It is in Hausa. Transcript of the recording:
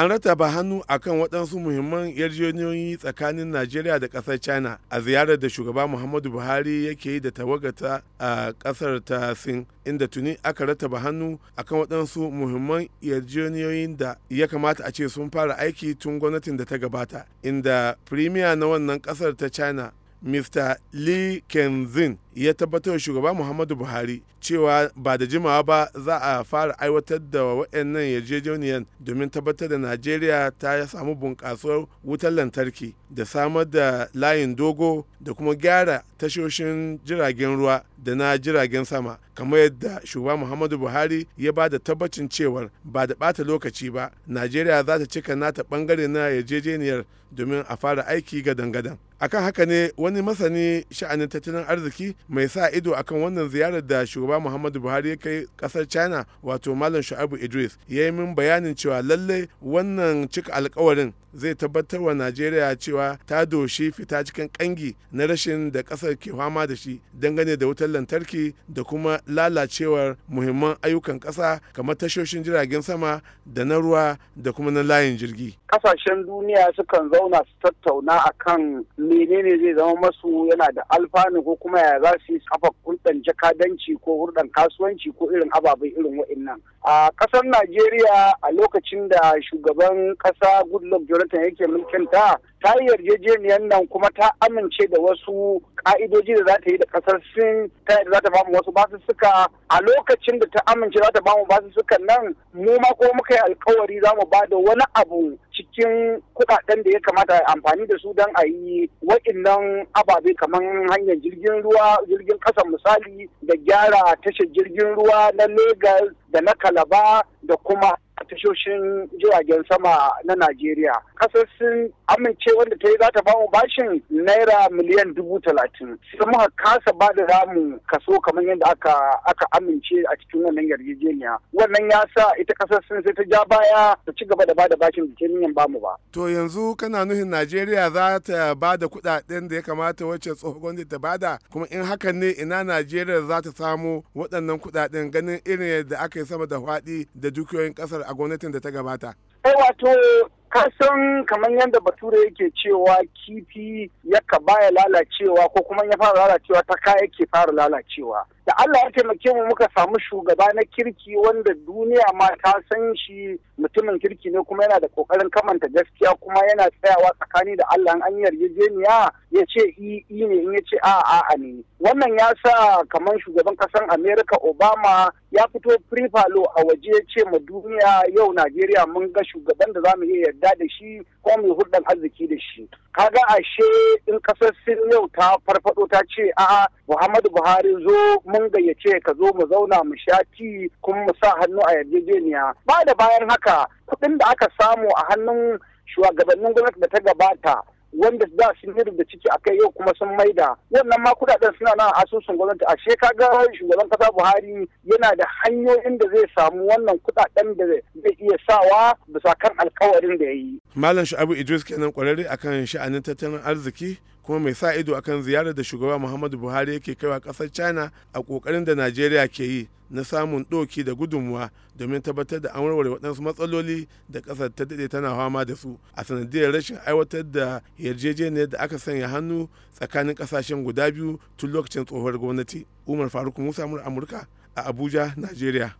an rataba hannu akan waɗansu muhimman yarjejeniyoyi tsakanin najeriya da ƙasar china a ziyarar da shugaba muhammadu buhari yake yi da tawagata a ƙasar ta sin inda tuni aka rataba hannu akan waɗansu muhimman yarjejeniyoyin da ya kamata a ce sun fara aiki tun gwamnatin da ta gabata inda firimiya na wannan ƙasar ta china mr lee kenzin ya tabbatar shugaba muhammadu buhari cewa ba da jimawa ba za a fara aiwatar da waɗannan yarjejeniyar domin tabbatar da najeriya ta samu bunƙasar wutar lantarki da samar da layin dogo da kuma gyara tashoshin jiragen ruwa da na jiragen sama kamar yadda shugaba muhammadu buhari ya ba da tabbacin cewar ba da ɓata lokaci ba najeriya za ta cika nata ɓangare na yarjejeniyar domin a fara aiki gadan-gadan akan haka ne wani masani sha'anin tattalin arziki mai sa ido akan wannan ziyarar da shugaba muhammadu buhari ya kai kasar china wato malam shu'abu idris ya yi min bayanin cewa lallai wannan cika alkawarin zai tabbatar wa najeriya cewa ta doshi fita cikin kangi na rashin da kasar ke fama da shi dangane da wutar lantarki da kuma lalacewar muhimman ayyukan kasa kamar tashoshin jiragen sama da na ruwa da kuma na layin jirgi kasashen duniya sukan zauna su tattauna a kan menene zai zama masu yana da alfanu ko kuma ya za su yi kafa hulɗan jakadanci ko hulɗan kasuwanci ko irin ababai irin wa'innan. A ƙasar Najeriya a lokacin da shugaban ƙasa Goodluck Jonathan yake mulkin ta ta yi yarjejeniyar nan kuma ta amince da wasu ka'idoji da za ta yi da ƙasar sin ta yadda za ta bamu wasu basussuka a lokacin da ta amince za ta bamu basussukan nan mu ma ko muka yi alkawari za mu ba da wani abu cikin kuɗaɗen da ya kamata a amfani da su don a yi waɗannan ababe kamar hanyar jirgin ruwa jirgin ƙasa misali da gyara tashar jirgin ruwa na Legas da na Kalaba da kuma tashoshin jiragen sama na Najeriya. Kasar sun amince wanda ta yi za ta bamu bashin naira miliyan dubu talatin. Sai muka kasa ba da zamu kaso kamar yadda aka aka amince a cikin wannan yarjejeniya. Wannan ya sa ita kasar sun sai ta ja baya ta ci gaba da ba da bashin da ta bamu ba. To yanzu kana nuhin Najeriya za ta ba da kuɗaɗen da ya kamata wacce tsohon da ta bada kuma in hakan ne ina Najeriya za ta samu waɗannan kuɗaɗen ganin irin yadda aka yi sama da faɗi da dukiyoyin ƙasar a gwamnatin da ta gabata? Ai eh, wato kasan kamar yadda bature yake cewa kifi ya yaka baya lalacewa ko kuma ya fara lalacewa ta kaya ke fara lalacewa. da Allah ya taimake mu muka samu shugaba na kirki wanda duniya ma ta san shi mutumin kirki ne kuma yana da kokarin kamanta gaskiya kuma yana tsayawa tsakani da Allah an yarjejeniya ya ce i ne in ya ce a a a ne wannan ya sa kamar shugaban kasan Amerika Obama ya fito prefalo a waje ya ce ma duniya yau Najeriya mun ga shugaban da zamu iya yarda da shi ko mu hulɗar arziki da shi Ka ga ashe in kasar Sin yau ta farfaɗo ta ce a'a Muhammadu Buhari zo mun mun gayyace ka zo mu zauna mu sha ci kuma mu sa hannu a yarjejeniya ba da bayan haka kuɗin da aka samu a hannun shugabannin gwamnati da ta gabata wanda za su yi da ciki a kai yau kuma sun maida wannan ma kudaden suna nan asusun gwamnati a shekaga shugaban kasa buhari yana da hanyoyin da zai samu wannan kudaden da zai iya sawa bisa kan alkawarin da ya yi malam shu'abu idris kenan kwararre akan sha'anin tattalin arziki kuma mai sa ido akan ziyarar da shugaba muhammadu buhari yake kaiwa kasar china a kokarin da najeriya ke yi na samun ɗoki da gudunmuwa domin tabbatar da an warware waɗansu matsaloli da ƙasar ta daɗe tana fama da su a sanadiyar rashin aiwatar da yarjejeniyar da aka sanya hannu tsakanin ƙasashen guda biyu tun lokacin tsohuwar gwamnati umar faruk musa amurka a abuja najeriya